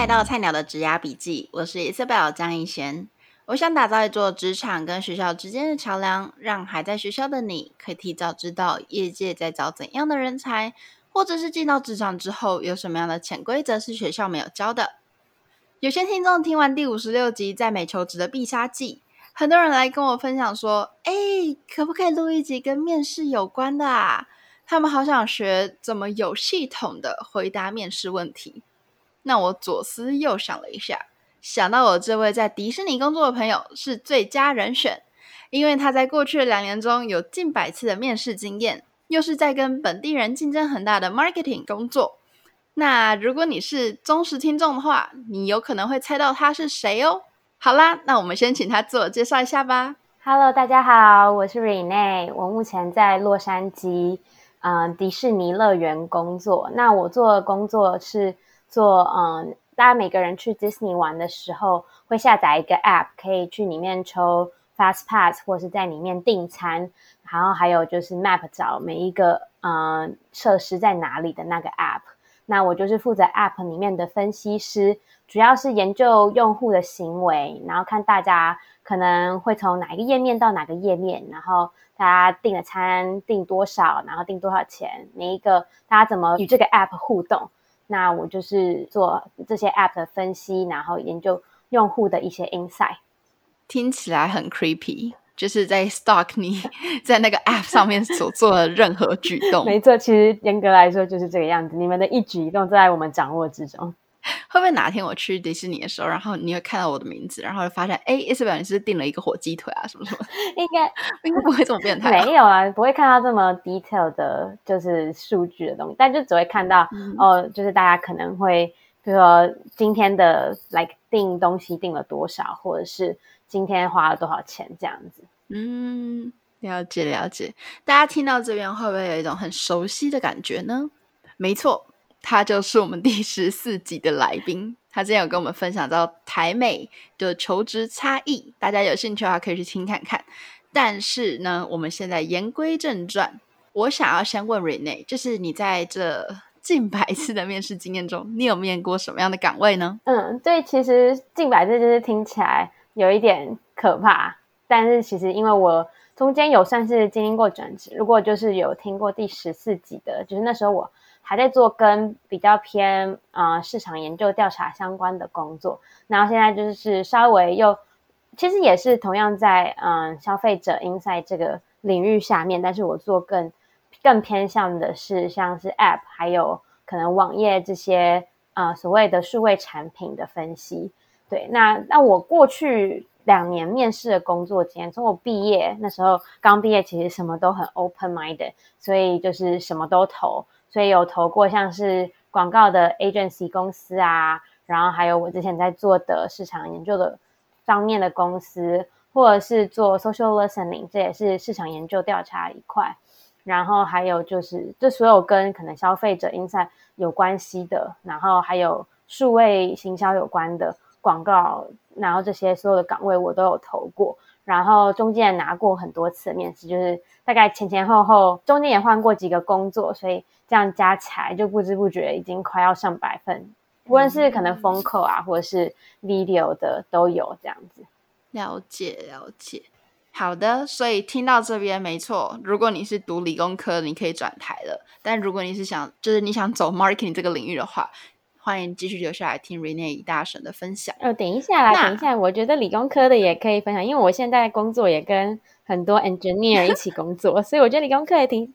來到菜鳥的職涯筆記，我是 Isabel 張一賢。我想打造一座職場跟學校之間的橋樑，讓還在學校的你可以提早知道業界在找怎樣的人才，或者是進到職場之後有什麼樣的潛規則是學校沒有教的。有些聽眾聽完第五十六集在美求職的必殺技，很多人來跟我分享說：“誒，可不可以錄一集跟面試有關的啊？他們好想學怎麼有系統的回答面試問題。”那我左思右想了一下，想到我這位在迪士尼工作的朋友是最佳人選，因為他在過去的兩年中有近百次的面試經驗，又是在跟本地人競爭很大的 marketing 工作。那如果你是忠實聽眾的話，你有可能會猜到他是誰哦。好啦，那我們先請他自我介紹一下吧。Hello，大家好，我是 Renee，我目前在洛杉磯嗯、呃、迪士尼樂園工作。那我做的工作是。做嗯，大家每個人去 Disney 玩的時候，會下載一個 App，可以去裡面抽 Fast Pass 或是在裡面訂餐，然後還有就是 Map 找每一個嗯設施在哪裡的那個 App。那我就是負責 App 裡面的分析師，主要是研究用戶的行為，然後看大家可能會從哪一個頁面到哪個頁面，然後大家訂了餐訂多少，然後訂多少錢，每一個大家怎麼與這個 App 互動。那我就是做這些 app 的分析，然後研究用戶的一些 insight。聽起來很 creepy，就是在 stalk 你在那個 app 上面所做的任何舉動。 沒錯，其實嚴格來說就是這個樣子，你們的一舉一動都在我們掌握之中。會不會哪天我去迪士尼的時候，然後你會看到我的名字，然後就發現哎 Isabelle 你是不是訂了一個火雞腿啊，什麼什麼？應該應該不會這麼變態。沒有啊，不會看到這麼 detail 的，就是數據的東西。但就只會看到、嗯、哦，就是大家可能會，比如說今天的 like 訂東西訂了多少，或者是今天花了多少錢這樣子。嗯，了解了解。大家聽到這邊會不會有一種很熟悉的感覺呢？沒錯。他就是我們第十四集的來賓。他之前有跟我們分享到台美的求職差異，大家有興趣的話可以去聽看看。但是呢，我們現在言歸正傳，我想要先問 Renee，就是你在這近百次的面試經驗中，你有面過什麼樣的崗位呢？嗯，對，其實近百次就是聽起來有一點可怕，但是其實因為我中間有算是經歷過轉職，如果就是有聽過第十四集的，就是那時候我。還在做跟比較偏啊、呃、市場研究調查相關的工作，然後現在就是稍微又其實也是同樣在嗯、呃、消費者 inside 這個領域下面，但是我做更更偏向的是像是 app 還有可能網頁這些啊、呃、所謂的數位產品的分析。對，那那我過去兩年面試的工作經驗，從我畢業那時候剛畢業，其實什麼都很 open minded，所以就是什麼都投。所以有投過像是廣告的 agency 公司啊，然後還有我之前在做的市場研究的方面的公司，或者是做 social listening，這也是市場研究調查一塊。然後還有就是，就所有跟可能消費者 insight 有關係的，然後還有數位行銷有關的廣告，然後這些所有的崗位我都有投過。然後中間也拿過很多次面試，就是大概前前後後中間也換過幾個工作，所以這樣加起來就不知不覺已經快要上百份，無論是可能 phone call 啊、嗯，或者是 video 的都有這樣子。了解了解，好的。所以聽到這邊沒錯，如果你是讀理工科，你可以轉台的；但如果你是想就是你想走 marketing 這個領域的話。歡迎繼續留下來聽 Renee 大神的分享。哦、呃，等一下啦，等一下，我覺得理工科的也可以分享，因為我現在工作也跟很多 engineer 一起工作， 所以我覺得理工科也挺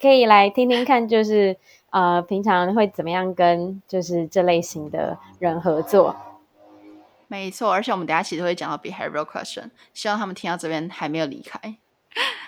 可以來聽聽看，就是呃，平常會怎麼樣跟就是這類型的人合作？沒錯，而且我們等下其實會講到 behavioral question，希望他們聽到這邊還沒有離開。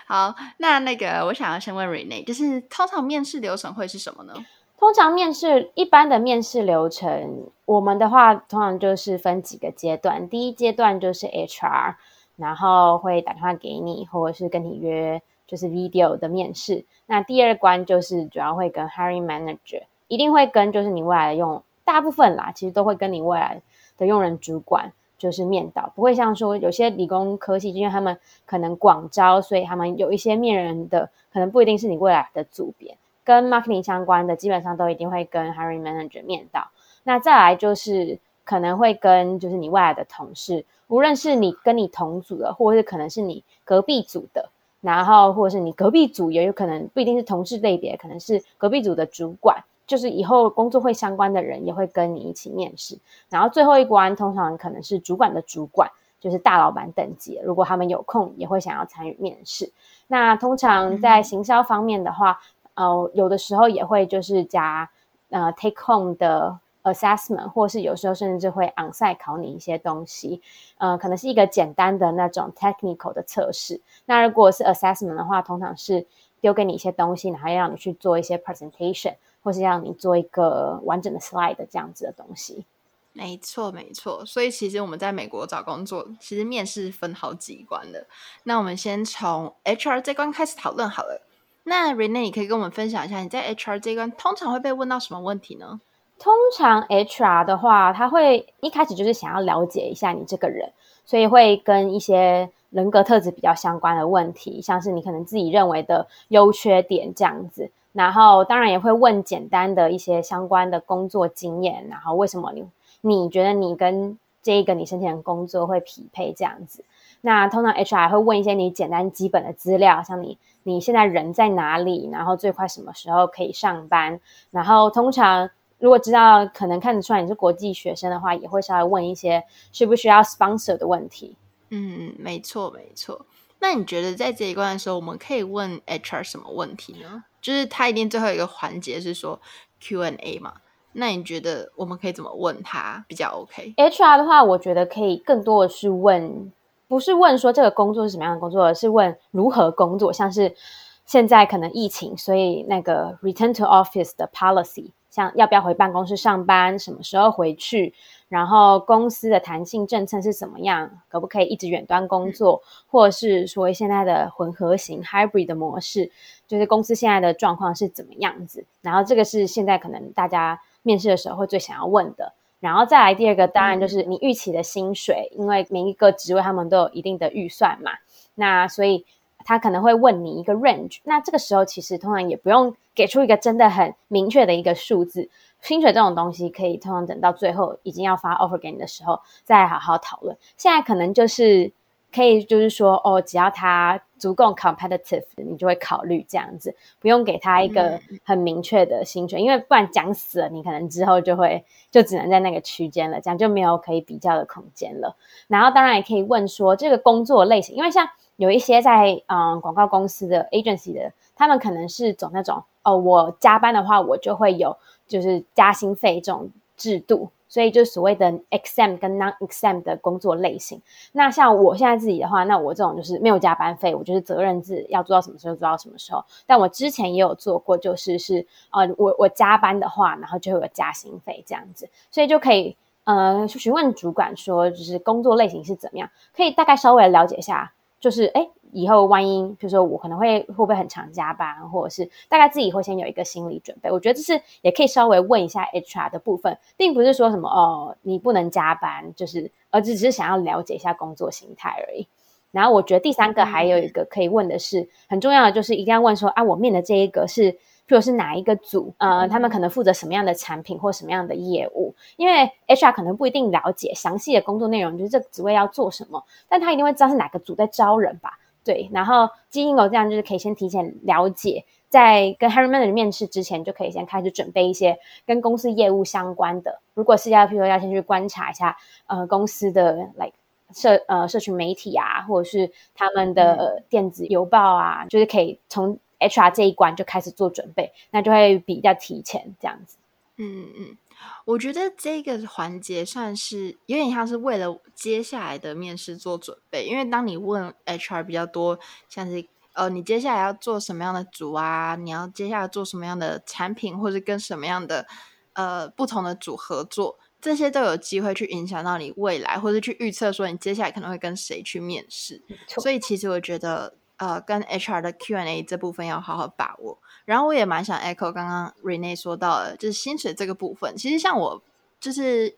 好，那那個我想要先問 Renee，就是通常面試流程會是什麼呢？通常面試一般的面試流程，我們的話通常就是分幾個階段。第一階段就是 HR，然後會打電話給你，或者是跟你約就是 video 的面試。那第二關就是主要會跟 Hiring Manager，一定會跟就是你未來的用大部分啦，其實都會跟你未來的用人主管就是面導，不會像說有些理工科系，因為他們可能廣招，所以他們有一些面人的可能不一定是你未來的組別。跟 marketing 相關的，基本上都一定會跟 hiring manager 面到。那再來就是可能會跟就是你未來的同事，無論是你跟你同組的，或者是可能是你隔壁組的，然後或者是你隔壁組也有可能不一定是同事類別，可能是隔壁組的主管，就是以後工作會相關的人也會跟你一起面試。然後最後一關通常可能是主管的主管，就是大老闆等級，如果他們有空也會想要參與面試。那通常在行銷方面的話。嗯呃、uh，有的時候也會就是加呃 take home 的 assessment，或是有時候甚至會 on site 考你一些東西，呃，可能是一個簡單的那種 technical 的測試。那如果是 assessment 的話，通常是丟給你一些東西，然後讓你去做一些 presentation，或是讓你做一個完整的 slide 這樣子的東西。沒錯，沒錯。所以其實我們在美國找工作，其實面試分好幾關的。那我們先從 HR 這關開始討論好了。那 Renee 你可以跟我們分享一下，你在 HR 這一關通常會被問到什麼問題呢？通常 HR 的話，他會一開始就是想要了解一下你這個人，所以會跟一些人格特質比較相關的問題，像是你可能自己認為的優缺點這樣子。然後當然也會問簡單的一些相關的工作經驗，然後為什麼你你覺得你跟這一個你申請的工作會匹配這樣子。那通常 HR 會問一些你簡單基本的資料，像你你現在人在哪裡，然後最快什麼時候可以上班。然後通常如果知道可能看得出來你是國際學生的話，也會稍微問一些需不需要 sponsor 的問題。嗯，沒錯沒錯。那你覺得在這一關的時候，我們可以問 HR 什麼問題呢？嗯。就是他一定最後一個環節是說 Q&A 嘛？那你覺得我們可以怎麼問他比較 OK？HR 的話，我覺得可以更多的是問。不是問說這個工作是什麼樣的工作，而是問如何工作。像是現在可能疫情，所以那個 return to office 的 policy，像要不要回辦公室上班，什麼時候回去，然後公司的彈性政策是怎麼樣，可不可以一直遠端工作，或是說現在的混合型 hybrid 的模式，就是公司現在的狀況是怎麼樣子。然後這個是現在可能大家面試的時候會最想要問的。然後再來第二個，當然就是你預期的薪水，因為每一個職位他們都有一定的預算嘛，那所以他可能會問你一個 range。那這個時候其實通常也不用給出一個真的很明確的一個數字，薪水這種東西可以通常等到最後已經要發 offer 給你的時候再好好討論。現在可能就是可以就是說哦，只要他足夠 competitive，你就會考慮這樣子，不用給他一個很明確的薪水。嗯，因為不然講死了，你可能之後就會就只能在那個區間了，這樣就沒有可以比較的空間了。然後當然也可以問說這個工作類型，因為像有一些在嗯呃、廣告公司的 agency 的，他們可能是走那種哦，我加班的話我就會有就是加薪費這種制度。所以就是所謂的 exempt 跟 non-exempt 的工作類型。那像我現在自己的話，那我這種就是沒有加班費，我就是責任制，要做到什麼時候做到什麼時候。但我之前也有做過，就是是呃，我我加班的話，然後就會有加薪費這樣子，所以就可以呃詢問主管說，就是工作類型是怎麼樣，可以大概稍微了解一下，就是誒以後萬一就是說我可能會會不會很常加班，或者是大概自己會先有一個心理準備。我覺得這是也可以稍微問一下 HR 的部分，並不是說什麼哦你不能加班，就是而只只是想要了解一下工作形態而已。然後我覺得第三個還有一個可以問的是很重要的，就是一定要問說啊，我面的這一個是，譬如是哪一個組，呃他們可能負責什麼樣的產品或什麼樣的業務，因為 HR 可能不一定了解詳細的工作內容，就是這個職位要做什麼，但他一定會知道是哪個組在招人吧。對，然後基因狗這樣，就是可以先提前了解，在跟 Hiring Manager 的面試之前，就可以先開始準備一些跟公司業務相關的。如果是要譬如，要先去觀察一下，呃，公司的 Like 社呃社群媒體啊，或者是他們的電子郵報啊，嗯、就是可以從 H R 這一關就開始做準備，那就會比較提前這樣子。嗯嗯。我覺得這個環節算是有點像是為了接下來的面試做準備，因為當你問 HR 比較多，像是呃你接下來要做什麼樣的組啊，你要接下來做什麼樣的產品，或者跟什麼樣的呃不同的組合作，這些都有機會去影響到你未來，或者去預測說你接下來可能會跟誰去面試。所以其實我覺得呃跟 HR 的 Q&A 這部分要好好把握。然後我也蠻想 echo 剛剛 Renee 說到了，就是薪水這個部分。其實像我就是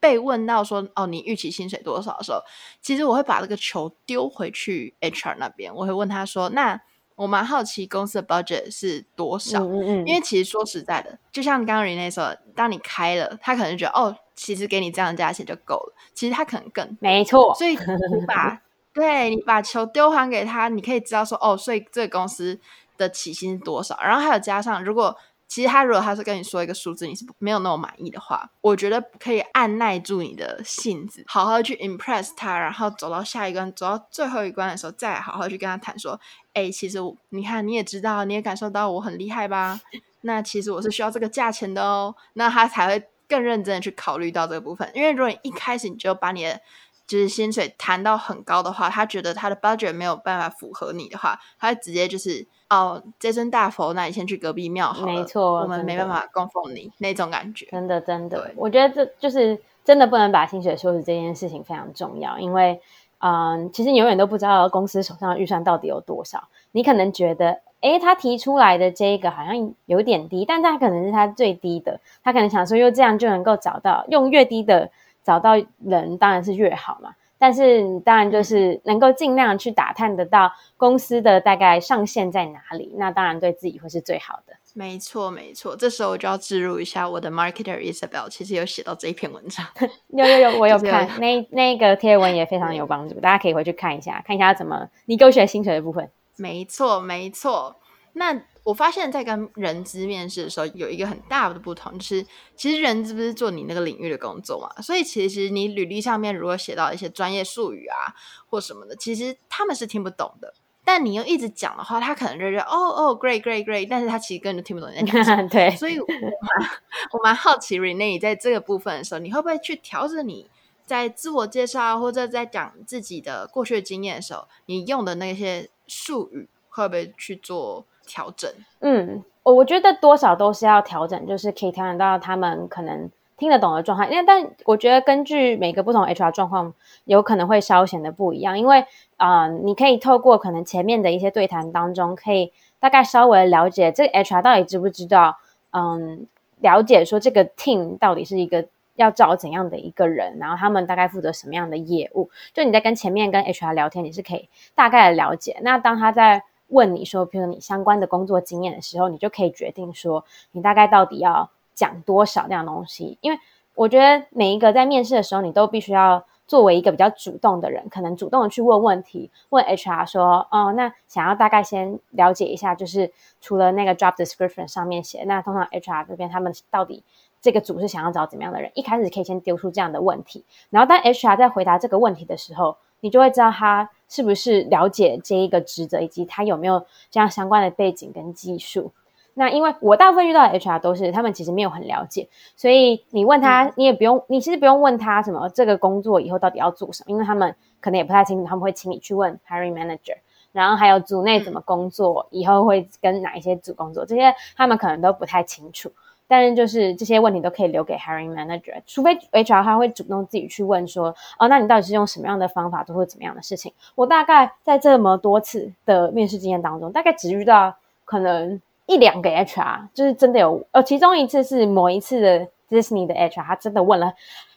被問到說哦，你預期薪水多少的時候，其實我會把這個球丟回去 HR 那邊。我會問他說，那我蠻好奇公司的 budget 是多少？嗯嗯嗯。因為其實說實在的，就像剛剛 Renee 說，當你開了，他可能覺得哦，其實給你這樣的價錢就夠了。其實他可能更，沒錯，所以你把對你把球丟還給他，你可以知道說哦，所以這個公司。的起薪是多少？然後還有加上，如果其實他如果他是跟你說一個數字，你是沒有那麼滿意的話，我覺得可以按耐住你的性子，好好去 impress 他，然後走到下一關，走到最後一關的時候，再好好去跟他談說，哎、欸，其實我你看你也知道，你也感受到我很厲害吧？那其實我是需要這個價錢的哦，那他才會更認真的去考慮到這個部分。因為如果你一開始你就把你的就是薪水談到很高的話，他覺得他的 budget 沒有辦法符合你的話，他直接就是。哦，這尊大佛，那你先去隔壁廟好。沒錯，我們沒辦法供奉你那種感覺。真的，真的，我覺得這就是真的不能把薪水說死這件事情非常重要，因為，嗯、呃，其實你永遠都不知道公司手上的預算到底有多少。你可能覺得，誒，他提出來的這個好像有點低，但他可能是他最低的。他可能想說，又這樣就能夠找到，用越低的找到人當然是越好嘛。但是你當然就是能夠儘量去打探得到公司的大概上限在哪裡，那當然對自己會是最好的。沒錯，沒錯。這時候我就要置入一下我的 marketer Isabelle，其實有寫到這一篇文章。 有有有，我有看那那一個貼文也非常有幫助，大家可以回去看一下，看一下怎麼你給我寫薪水的部分。沒錯，沒錯。那。我發現，在跟人資面試的時候，有一個很大的不同，就是其實人資不是做你那個領域的工作嘛，所以其實你履歷上面如果寫到一些專業術語啊或什麼的，其實他們是聽不懂的。但你又一直講的話，他可能就覺得哦哦、oh, oh,，great great great，但是他其實根本聽不懂你在講什麼 對，所以我蠻我蠻好奇，Renee 在這個部分的時候，你會不會去調整你在自我介紹或者在講自己的過去的經驗的時候，你用的那些術語會不會去做調整，嗯，我我覺得多少都是要調整，就是可以調整到他們可能聽得懂的狀態。因為但我覺得根據每個不同 HR 狀況，有可能會稍顯得不一樣。因為啊、呃，你可以透過可能前面的一些對談當中，可以大概稍微了解這個 HR 到底知不知道，嗯，了解說這個 team 到底是一個要找怎樣的一個人，然後他們大概負責什麼樣的業務。就你在跟前面跟 HR 聊天，你是可以大概的了解。那當他在問你說，譬如你相關的工作經驗的時候，你就可以決定說，你大概到底要講多少那樣東西。因為我覺得每一個在面試的時候，你都必須要作為一個比較主動的人，可能主動的去問問題，問 HR 說，哦，那想要大概先了解一下，就是除了那個 job description 上面寫，那通常 HR 這邊他們到底這個組是想要找怎麼樣的人？一開始可以先丟出這樣的問題，然後當 HR 在回答這個問題的時候。你就會知道他是不是了解這一個職責，以及他有沒有這樣相關的背景跟技術。那因為我大部分遇到 HR 都是他們其實沒有很了解，所以你問他，嗯、你也不用，你其實不用問他什麼這個工作以後到底要做什麼，因為他們可能也不太清楚。他們會請你去問 Hiring Manager，然後還有組內怎麼工作，嗯、以後會跟哪一些組工作，這些他們可能都不太清楚。但是就是這些問題都可以留給 Hiring Manager，除非 HR 他會主動自己去問說，哦，那你到底是用什麼樣的方法做或怎麼樣的事情？我大概在這麼多次的面試經驗當中，大概只遇到可能一兩個 HR，就是真的有，呃，其中一次是某一次的 Disney 的 HR，他真的問了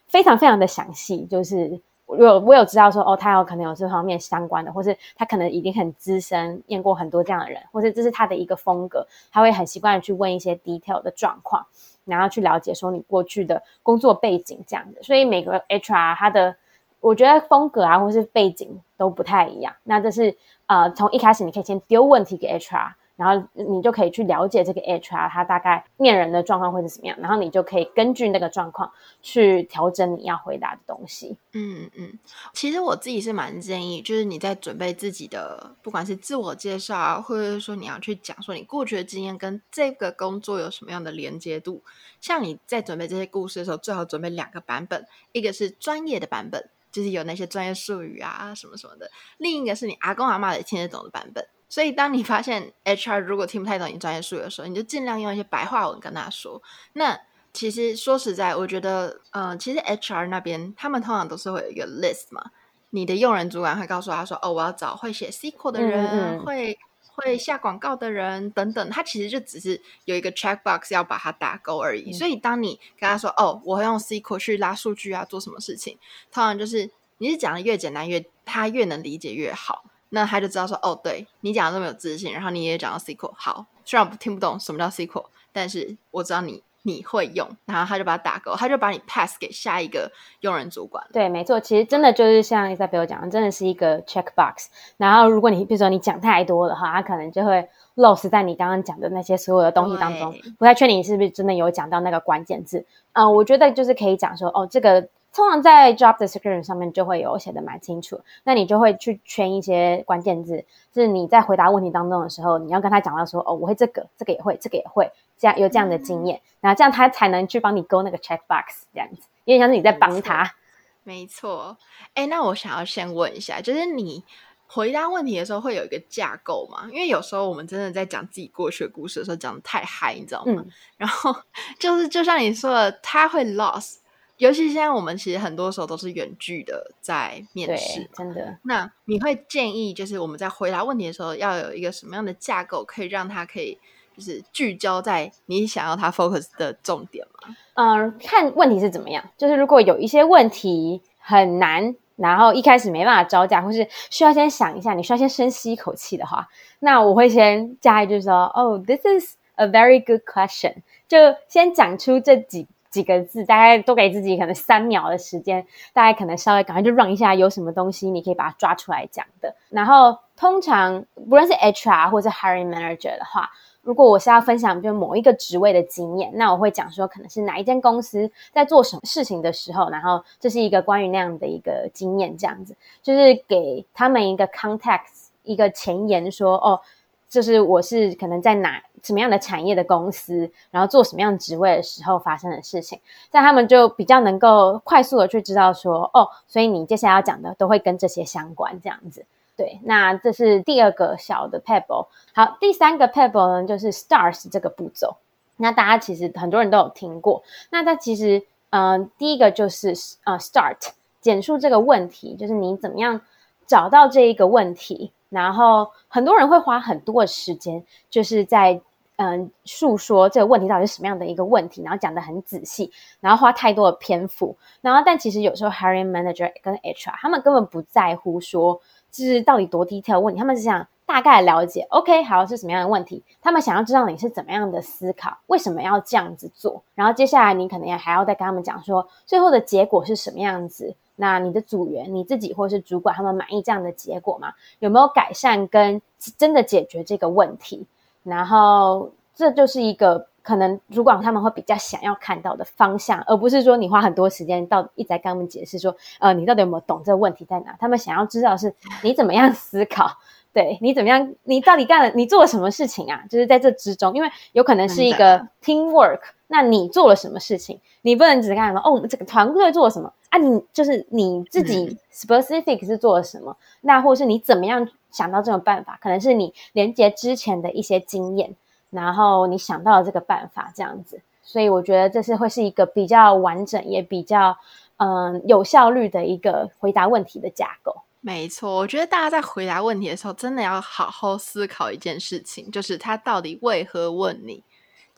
非常非常的詳細，就是。我有我有知道說哦，他有可能有這方面相關的，或是他可能已經很資深，驗過很多這樣的人，或是這是他的一個風格，他會很習慣去問一些 detail 的狀況，然後去了解說你過去的工作背景這樣的。所以每個 HR 啊，他的，我覺得風格啊，或是背景都不太一樣。那這是呃，從一開始你可以先丟問題給 HR。然後你就可以去了解這個 HR 他大概面人的狀況會是怎麼樣，然後你就可以根據那個狀況去調整你要回答的東西。嗯嗯，其實我自己是蠻建議，就是你在準備自己的，不管是自我介紹啊，或者說你要去講說你過去的經驗跟這個工作有什麼樣的連接度，像你在準備這些故事的時候，最好準備兩個版本，一個是專業的版本，就是有那些專業術語啊什麼什麼的，另一個是你阿公阿媽也聽得懂的版本。所以，當你發現 HR 如果聽不太懂你專業術語的時候，你就盡量用一些白話文跟他說。那其實說實在，我覺得，嗯、呃、其實 HR 那邊他們通常都是會有一個 list 嘛，你的用人主管會告訴他說，哦，我要找會寫 SQL 的人，嗯嗯會會下廣告的人等等。他其實就只是有一個 checkbox 要把它打勾而已。嗯、所以，當你跟他說，哦，我會用 SQL 去拉數據啊，做什麼事情，通常就是你是講的越簡單，越他越能理解越好。那他就知道說，哦，對你講的這麼有自信，然後你也講到 SQL，好，雖然我聽不懂什麼叫 SQL，但是我知道你你會用，然後他就把它打勾，他就把你 pass 給下一個用人主管。對，沒錯，其實真的就是像在比如講，真的是一個 check box。然後如果你比如說你講太多了哈，他可能就會 lose 在你剛剛講的那些所有的東西當中，oh, 不太確定你是不是真的有講到那個關鍵字。嗯、呃，我覺得就是可以講說，哦，這個。通常在 job description 上面就會有寫的蠻清楚，那你就會去圈一些關鍵字，就是你在回答問題當中的時候，你要跟他講到說哦，我會這個，這個也會，這個也會，這樣有這樣的經驗、嗯，然後這樣他才能去幫你勾那個 check box 這樣子，因為像是你在幫他。沒錯。誒、欸。那我想要先問一下，就是你回答問題的時候會有一個架構嗎？因為有時候我們真的在講自己過去的故事的時候講的太嗨，你知道嗎？嗯、然後就是就像你說的，他會 lose。尤其現在我們其實很多時候都是遠距的在面試，對，真的。那你會建議，就是我們在回答問題的時候，要有一個什麼樣的架構，可以讓它可以就是聚焦在你想要它 focus 的重點嗎？嗯、呃，看問題是怎麼樣。就是如果有一些問題很難，然後一開始沒辦法招架，或是需要先想一下，你需要先深吸一口氣的話，那我會先加一句說：“Oh, this is a very good question。”就先講出這幾幾個字，大概多給自己可能三秒的時間，大家可能稍微趕快就 run 一下，有什麼東西你可以把它抓出來講的。然後通常不論是 HR 或者 hiring manager 的話，如果我是要分享就某一個職位的經驗，那我會講說可能是哪一間公司在做什麼事情的時候，然後這是一個關於那樣的一個經驗，這樣子就是給他們一個 context 一個前言，說哦。就是我是可能在哪，什麼樣的產業的公司，然後做什麼樣職位的時候發生的事情，這樣他們就比較能夠快速的去知道說，哦，所以你接下來要講的都會跟這些相關，這樣子。對，那這是第二個小的 pebble。好，第三個 pebble 呢，就是 stars 這個步驟。那大家其實很多人都有聽過。那它其實，嗯、呃，第一個就是呃，start 簡述這個問題，就是你怎麼樣找到這一個問題。然後很多人會花很多的時間，就是在嗯訴說這個問題到底是什麼樣的一個問題，然後講得很仔細，然後花太多的篇幅。然後但其實有時候 Hiring Manager 跟 HR 他們根本不在乎說這、就是、到底多 detail 問題，他們只想大概了解 OK 好是什麼樣的問題，他們想要知道你是怎麼樣的思考，為什麼要這樣子做。然後接下來你可能也還要再跟他們講說最後的結果是什麼樣子。那你的組員、你自己或是主管他們滿意這樣的結果嗎？有沒有改善跟真的解決這個問題？然後這就是一個可能主管他們會比較想要看到的方向，而不是說你花很多時間到一直在跟他們解釋說，呃，你到底有沒有懂這個問題在哪？他們想要知道的是你怎麼樣思考，對你怎麼樣，你到底幹了你做了什麼事情啊？就是在這之中，因為有可能是一個 team work，那你做了什麼事情？你不能只是幹什麼，哦，我們這個團隊做了什麼。啊你，你就是你自己，specific 是做了什麼，嗯，那或是你怎麼樣想到這種辦法？可能是你連接之前的一些經驗，然後你想到了這個辦法，這樣子。所以我覺得這是會是一個比較完整，也比較嗯、呃、有效率的一個回答問題的架構。沒錯，我覺得大家在回答問題的時候，真的要好好思考一件事情，就是他到底為何問你。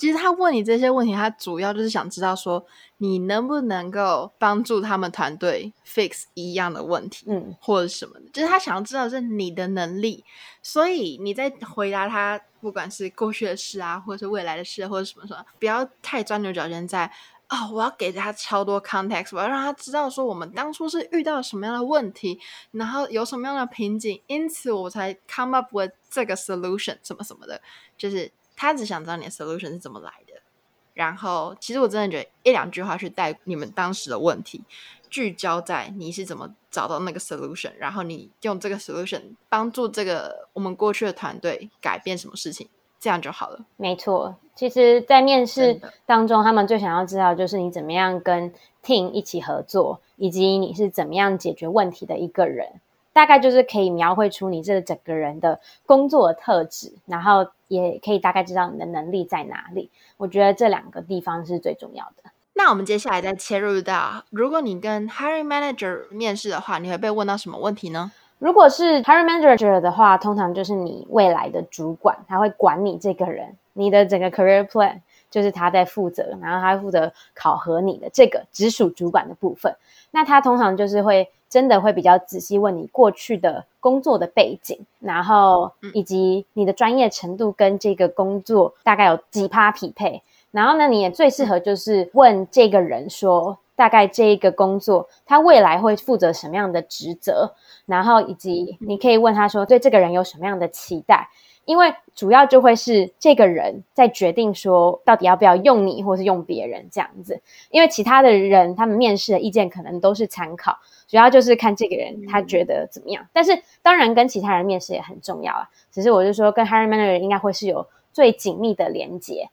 其實他問你這些問題，他主要就是想知道說你能不能夠幫助他們團隊 fix 一樣的問題，嗯，或者什麼的。就是他想要知道是你的能力。所以你在回答他，不管是過去的事啊，或者是未來的事啊，或者什麼什麼，不要太鑽牛角尖，在哦，我要給他超多 context，我要讓他知道說我們當初是遇到什麼樣的問題，然後有什麼樣的瓶頸，因此我才 come up with 這個 solution 什麼什麼的，就是。他只想知道你的 solution 是怎麼來的。然後，其實我真的覺得一兩句話去帶你們當時的問題，聚焦在你是怎麼找到那個 solution，然後你用這個 solution 幫助這個我們過去的團隊改變什麼事情，這樣就好了。沒錯，其實，在面試當中，他們最想要知道就是你怎麼樣跟 team 一起合作，以及你是怎麼樣解決問題的一個人。大概就是可以描繪出你這整個人的工作的特質，然後也可以大概知道你的能力在哪裡。我覺得這兩個地方是最重要的。那我們接下來再切入到，如果你跟 Hiring Manager 面試的話，你會被問到什麼問題呢？如果是 Hiring Manager 的話，通常就是你未來的主管，他會管你這個人，你的整個 career plan 就是他在負責，然後他負責考核你的這個直屬主管的部分。那他通常就是會。真的會比較仔細問你過去的工作的背景，然後以及你的專業程度跟這個工作大概有幾趴匹配。然後呢，你也最適合就是問這個人說，大概這一個工作他未來會負責什麼樣的職責，然後以及你可以問他說，對這個人有什麼樣的期待。因為主要就會是這個人在決定說到底要不要用你，或是用別人這樣子。因為其他的人他們面試的意見可能都是參考，主要就是看這個人他覺得怎麼樣。但是當然跟其他人面試也很重要啊。只是我就說跟 Hiring Manager 應該會是有最緊密的連接。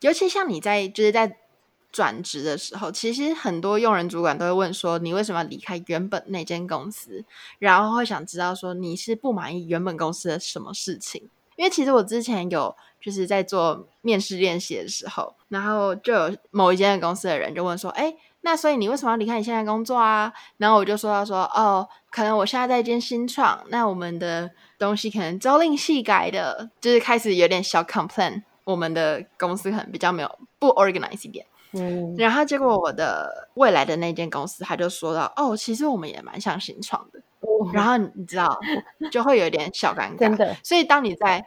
尤其像你在就是在轉職的時候，其實很多用人主管都會問說你為什麼離開原本那間公司，然後會想知道說你是不滿意原本公司的什麼事情。因為其實我之前有就是在做面試練習的時候，然後就有某一間公司的人就問說：“哎，那所以你為什麼要離開你現在工作啊？”然後我就說到說：“哦，可能我現在在一間新創，那我們的東西可能朝令夕改的，就是開始有點小 complain，我們的公司可能比較沒有不 organize 一點。嗯”然後結果我的未來的那間公司他就說到：“哦，其實我們也蠻像新創的。”然後你知道，就會有一點小尷尬。 真的，所以當你在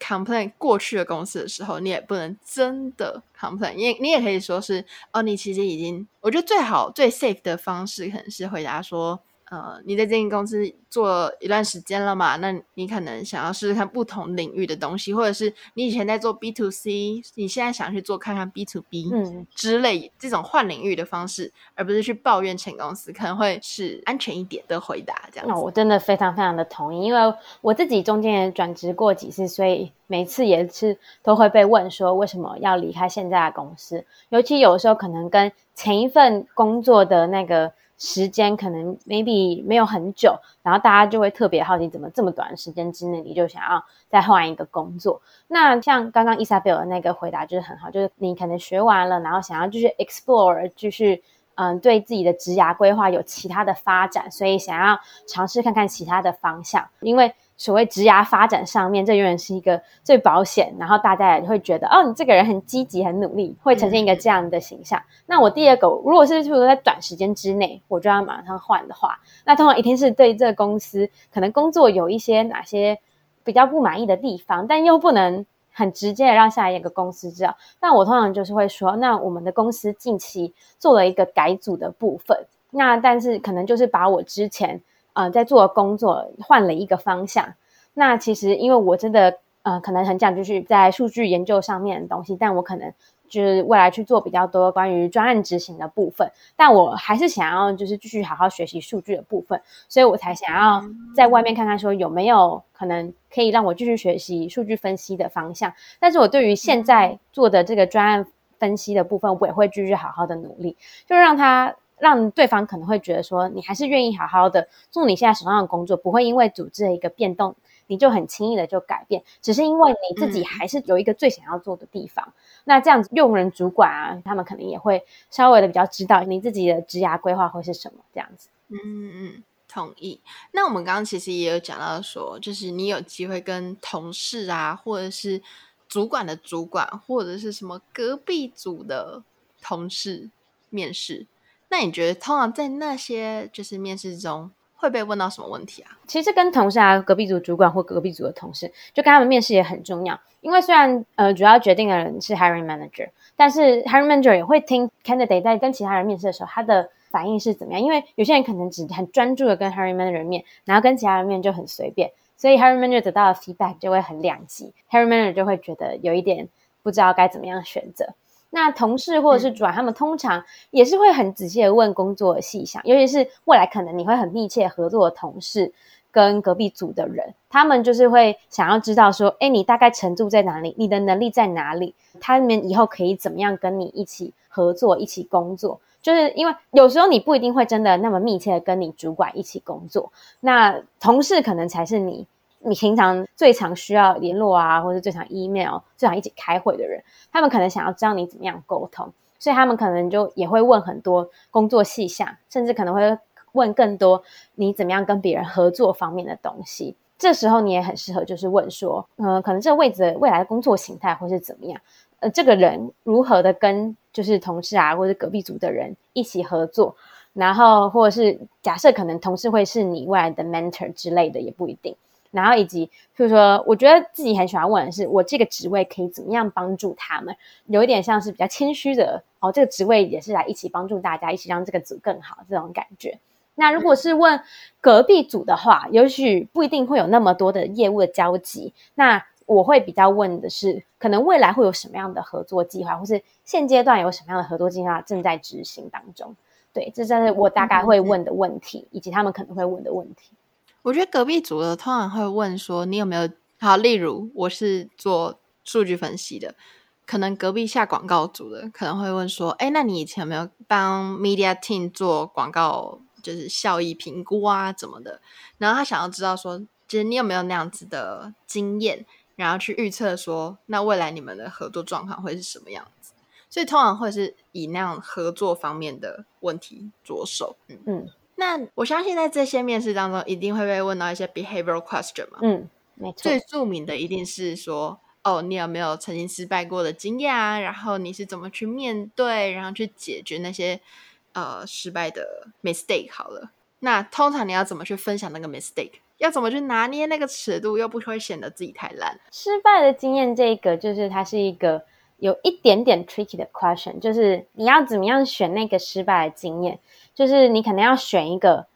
complain 過去的公司的時候，你也不能真的 complain，因為你也可以說是，哦，你其實已經，我覺得最好最 safe 的方式，可能是回答說，呃，你在這家公司做了一段時間了嘛，那你可能想要試試看不同領域的東西，或者是你以前在做 B to C，你現在想去做看看 B to B 之類、嗯、這種換領域的方式，而不是去抱怨前公司，可能會是安全一點的回答這樣子。那、嗯、我真的非常非常的同意，因為我自己中間也轉職過幾次，所以每次也是都會被問說為什麼要離開現在的公司，尤其有的時候可能跟前一份工作的那個。時間可能 maybe 沒有很久，然後大家就會特別好奇，怎麼這麼短時間之內，你就想要再換一個工作？那像剛剛 Isabelle 的那個回答就是很好，就是你可能學完了，然後想要繼續 explore，繼續嗯對自己的職涯規劃有其他的發展，所以想要嘗試看看其他的方向，因為。所謂職涯發展上面，這永遠是一個最保險，然後大家也會覺得哦，你這個人很積極、很努力，會呈現一個這樣的形象。嗯。那我第二個，如果是譬如在短時間之內，我就要馬上換的話，那通常一定是對這個公司可能工作有一些哪些比較不滿意的地方，但又不能很直接的讓下一個公司知道。但我通常就是會說，那我們的公司近期做了一個改組的部分，那但是可能就是把我之前。呃，在做工作換了一個方向。那其實因為我真的呃，可能很想就是在數據研究上面的東西，但我可能就是未來去做比較多關於專案執行的部分。但我還是想要就是繼續好好學習數據的部分，所以我才想要在外面看看說有沒有可能可以讓我繼續學習數據分析的方向。但是我對於現在做的這個專案分析的部分，我也會繼續好好的努力，就讓他。讓對方可能會覺得說，你還是願意好好的做你現在手上的工作，不會因為組織的一個變動，你就很輕易的就改變，只是因為你自己還是有一個最想要做的地方。嗯、那這樣子，用人主管啊，他們可能也會稍微的比較知道你自己的職涯規劃會是什麼這樣子。嗯嗯，同意。那我們剛剛其實也有講到說，就是你有機會跟同事啊，或者是主管的主管，或者是什麼隔壁組的同事面試。那你覺得通常在那些就是面試中會被問到什麼問題啊？其實跟同事啊、隔壁組主管或隔壁組的同事，就跟他們面試也很重要。因為雖然呃主要決定的人是 hiring manager，但是 hiring manager 也會聽 candidate 在跟其他人面試的時候他的反應是怎麼樣。因為有些人可能只很專注的跟 hiring manager 面，然後跟其他人面就很隨便，所以 hiring manager 得到的 feedback 就會很兩極，hiring manager 就會覺得有一點不知道該怎麼樣選擇。那同事或者是主管，嗯，他們通常也是會很仔細的問工作的細項，尤其是未來可能你會很密切合作的同事跟隔壁組的人，他們就是會想要知道說，哎，你大概程度在哪裡？你的能力在哪裡？他們以後可以怎麼樣跟你一起合作、一起工作。就是因為有時候你不一定會真的那麼密切的跟你主管一起工作，那同事可能才是你。你平常最常需要聯絡啊，或者最常 email、最常一起開會的人，他們可能想要知道你怎麼樣溝通，所以他們可能就也會問很多工作細項，甚至可能會問更多你怎麼樣跟別人合作方面的東西。這時候你也很適合就是問說，嗯、呃，可能這位置，未來的工作形態或是怎麼樣，呃，這個人如何的跟就是同事啊，或者隔壁組的人一起合作，然後或者是假設可能同事會是你未來的 mentor 之類的，也不一定。然後以及，譬如說，我覺得自己很喜歡問的是，我這個職位可以怎麼樣幫助他們？有一點像是比較謙虛的哦，這個職位也是來一起幫助大家，一起讓這個組更好這種感覺。那如果是問隔壁組的話，也許不一定會有那麼多的業務的交集。那我會比較問的是，可能未來會有什麼樣的合作計劃，或是現階段有什麼樣的合作計劃正在執行當中？對，這算是我大概會問的問題，以及他們可能會問的問題。我覺得隔壁組的通常會問說：“你有沒有，好，例如，我是做數據分析的，可能隔壁下廣告組的可能會問說：‘哎，那你以前有沒有幫 media team 做廣告，就是效益評估啊，什麼的？’然後他想要知道說，其實你有沒有那樣子的經驗，然後去預測說，那未來你們的合作狀況會是什麼樣子？所以通常會是以那樣合作方面的問題着手，嗯。嗯”那我相信在這些面試當中，一定會被問到一些 behavioral question 嘛？嗯，沒錯。最著名的一定是說，哦，你有沒有曾經失敗過的經驗啊？然後你是怎麼去面對，然後去解決那些呃失敗的 mistake 好了。那通常你要怎麼去分享那個 mistake？要怎麼去拿捏那個尺度，又不會顯得自己太爛？失敗的經驗，這一個就是它是一個。有一點點 tricky 的 question，就是你要怎麼樣選那個失敗的經驗？就是你可能要選一個，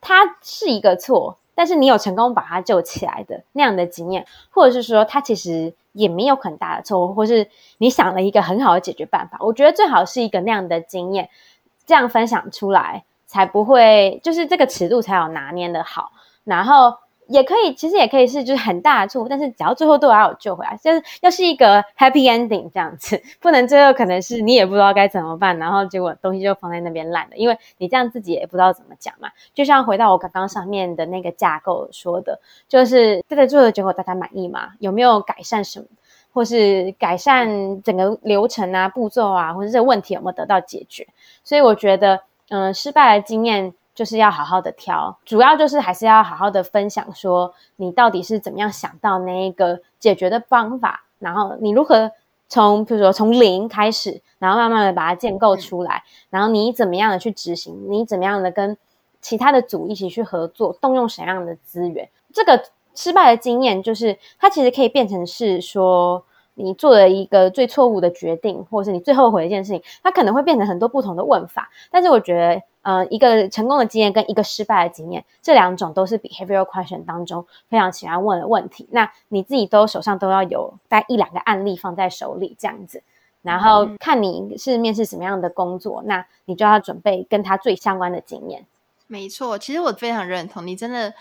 它是一個錯，但是你有成功把它救起來的那樣的經驗，或者是說它其實也沒有很大的錯誤，或是你想了一個很好的解決辦法。我覺得最好是一個那樣的經驗，這樣分享出來才不會，就是這個尺度才有拿捏的好。然後。也可以，其實也可以是就是很大的錯誤，但是只要最後都還有救回來，就是要是一個 happy ending 這樣子，不能最後可能是你也不知道該怎麼辦，然後結果東西就放在那邊爛了，因為你這樣自己也不知道怎麼講嘛。就像回到我剛剛上面的那個架構說的，就是在、這個、最後的結果大家滿意嗎？有沒有改善什麼，或是改善整個流程啊、步驟啊，或是這個問題有沒有得到解決？所以我覺得，嗯、呃，失敗的經驗。就是要好好的挑，主要就是還是要好好的分享，說你到底是怎麼樣想到那一個解決的方法，然後你如何從，比如說從零開始，然後慢慢的把它建構出來，然後你怎麼樣的去執行，你怎麼樣的跟其他的組一起去合作，動用什麼樣的資源，這個失敗的經驗就是，它其實可以變成是說，你做了一個最錯誤的決定，或者是你最後悔的一件事情，它可能會變成很多不同的問法。但是我覺得，呃，一個成功的經驗跟一個失敗的經驗，這兩種都是 behavioral question 當中非常喜歡問的問題。那你自己都手上都要有帶一兩個案例放在手裡，這樣子，然後看你是面試什麼樣的工作，嗯、那你就要準備跟他最相關的經驗。沒錯，其實我非常認同，你真的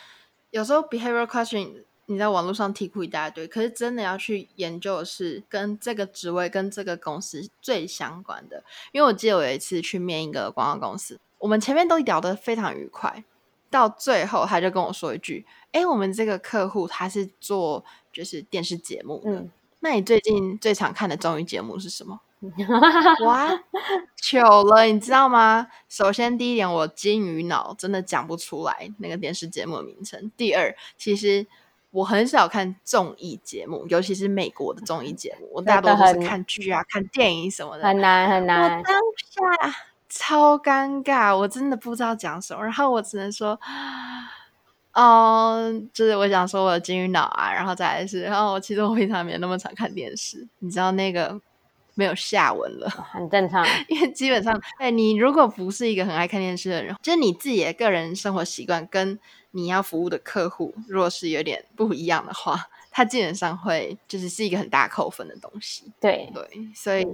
有時候 behavioral question。你在網絡上題庫，一大堆，可是真的要去研究的是跟這個職位跟這個公司最相關的。因為我記得有一次去面一個廣告公司，我們前面都聊得非常愉快，到最後他就跟我說一句：“哎、欸，我們這個客戶他是做就是電視節目的、嗯、那你最近最常看的綜藝節目是什麼？ 哇，糗了，你知道嗎？首先第一點，我金魚腦真的講不出來那個電視節目的名稱。第二，其實。我很少看綜藝節目，尤其是美國的綜藝節目。我大多數是看劇啊、看電影什麼的。很難很難。我當下超尷尬，我真的不知道講什麼。然後我只能說，哦，就是我想說我的金魚腦啊，然後再來是。然後我其實我平常沒有那麼常看電視，你知道那個沒有下文了，很正常。因為基本上，哎、欸，你如果不是一個很愛看電視的人，就是你自己的個人生活習慣跟。你要服務的客戶，若是有點不一樣的話，它基本上會就是是一個很大扣分的東西。對對，所以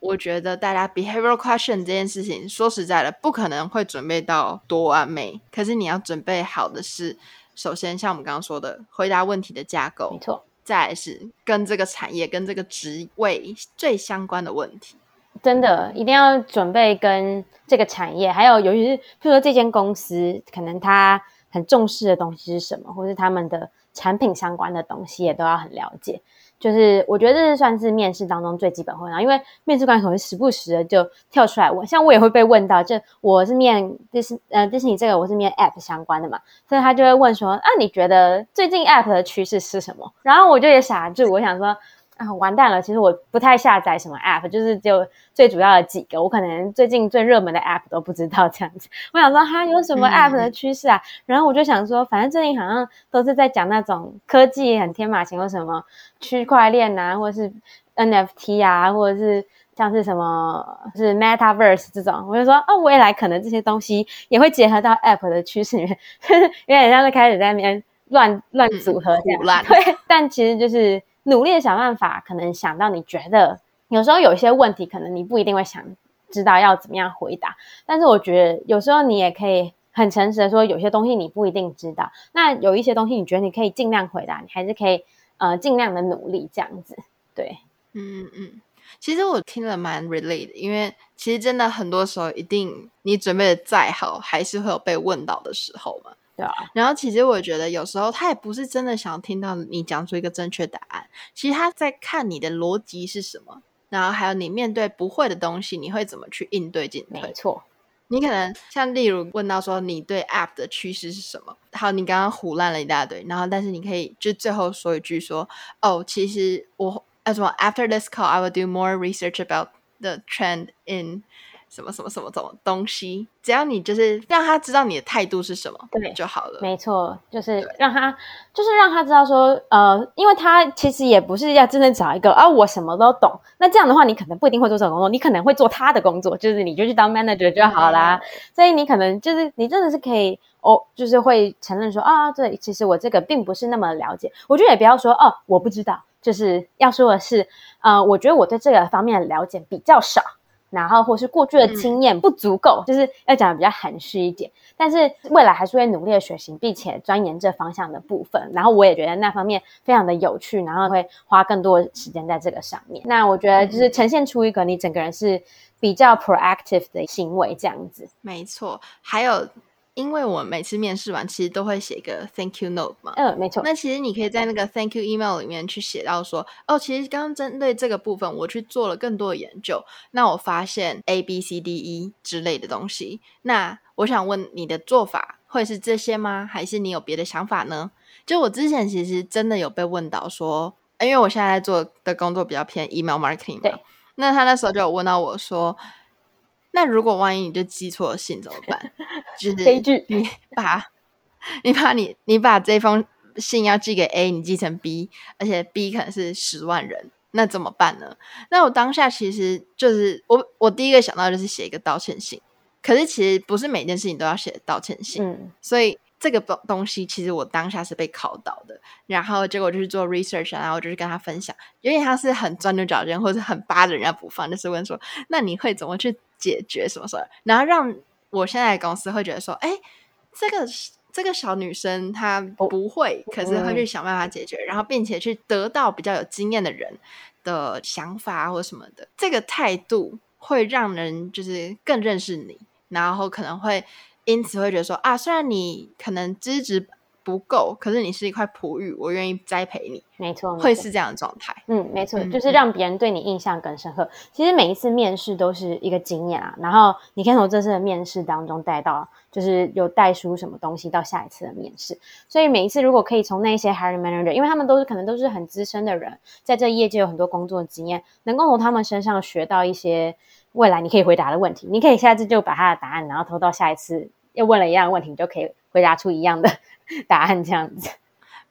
我覺得大家 behavioral question 這件事情，說實在的，不可能會準備到多完美。可是你要準備好的是，首先像我們剛剛說的，回答問題的架構，沒錯。再來是跟這個產業、跟這個職位最相關的問題，真的一定要準備跟這個產業，還有尤其是譬如說這間公司，可能它。很重視的東西是什麼，或是他們的產品相關的東西也都要很了解。就是我覺得這是算是面試當中最基本會，因為面試官可能時不時的就跳出來問，像我也會被問到，就我是面就是呃就是你這個我是面 app 相關的嘛，所以他就會問說啊你覺得最近 app 的趨勢是什麼？然後我就也傻住，我想說。啊、完蛋了！其實我不太下載什麼 app，就是就最主要的幾個，我可能最近最熱門的 app 都不知道這樣子。我想說，哈有什麼 app 的趨勢啊、嗯？然後我就想說，反正最近好像都是在講那種科技很天馬行空或什麼區塊鏈吶、啊，或者是 NFT 啊，或者是像是什麼是 Metaverse 這種。我就說啊、哦，未來可能這些東西也會結合到 app 的趨勢裡面，呵呵，因為人家是開始在那邊亂亂組合這樣、嗯。對，但其實就是。努力的想辦法，可能想到你覺得有時候有一些問題，可能你不一定會想知道要怎麼樣回答。但是我覺得有時候你也可以很誠實的說，有些東西你不一定知道。那有一些東西你覺得你可以盡量回答，你還是可以呃盡量的努力這樣子。對，嗯嗯嗯，其實我聽了蠻 relate 的，因為其實真的很多時候，一定你準備的再好，還是會有被問到的時候嘛。對啊，然後其實我覺得有時候他也不是真的想聽到你講出一個正確答案，其實他在看你的邏輯是什麼，然後還有你面對不會的東西你會怎麼去應對進去。沒錯，你可能像例如問到說你對 App 的趨勢是什麼？好，你剛剛唬爛了一大堆，然後但是你可以就最後說一句說哦，其實我呃、啊、什麼 After this call, I will do more research about the trend in。什麼什麼什麼什麼東西，只要你就是讓他知道你的態度是什麼，對就好了。沒錯，就是讓他，就是讓他知道說，呃，因為他其實也不是要真的找一個啊，我什麼都懂。那這樣的話，你可能不一定會做這個工作，你可能會做他的工作，就是你就去當 manager 就好啦。啊、所以你可能就是你真的是可以哦，就是會承認說啊，這其實我這個並不是那麼了解。我覺得也不要說哦、啊，我不知道，就是要說的是，呃，我覺得我對這個方面的了解比較少。然後，或是過去的經驗不足夠，嗯、就是要講的比較含蓄一點。但是未來還是會努力的學習，並且鑽研這方向的部分。然後我也覺得那方面非常的有趣，然後會花更多時間在這個上面。那我覺得就是呈現出一個你整個人是比較 proactive 的行為這樣子。沒錯，還有。因為我每次面試完，其實都會寫一個 thank you note 嘛。嗯，沒錯。那其實你可以在那個 thank you email 裡面去寫到說，哦，其實剛剛針對這個部分，我去做了更多的研究。那我發現 ABCDE 之類的東西。那我想問你的做法會是這些嗎？還是你有別的想法呢？就我之前其實真的有被問到說，呃，因為我現在在做的工作比較偏 email marketing 的。對，那他那時候就有問到我說。那如果萬一你就寄錯了信怎麼辦？ 就是悲劇，你把 你把你你把這封信要寄給 A，你寄成 B，而且 B 可能是十萬人，那怎麼辦呢？那我當下其實就是我我第一個想到就是寫一個道歉信，可是其實不是每件事情都要寫道歉信，嗯、所以。這個東東西其實我當下是被考到的。然後結果就是做 research，然後就是跟他分享，因為他是很鑽牛角尖或者很扒著人家不放，就是問說，那你會怎麼去解決什麼什麼？然後讓我現在的公司會覺得說，哎，這個這個小女生她不會，oh, 可是會去想辦法解決、嗯，然後並且去得到比較有經驗的人的想法或什麼的，這個態度會讓人就是更認識你，然後可能會。因此會覺得說啊，雖然你可能資質不夠，可是你是一塊璞玉，我願意栽培你。沒錯，沒錯，會是這樣的狀態。嗯，沒錯，嗯、就是讓別人對你印象更深刻、嗯。其實每一次面試都是一個經驗啊，然後你可以從這次的面試當中帶到，就是有帶出什麼東西到下一次的面試。所以每一次如果可以從那些 Hiring Manager，因為他們都是可能都是很資深的人，在這業界有很多工作經驗，能夠從他們身上學到一些。未來你可以回答的問題，你可以下次就把他的答案，然後投到下一次又問了一樣的問題，你就可以回答出一樣的答案，這樣子。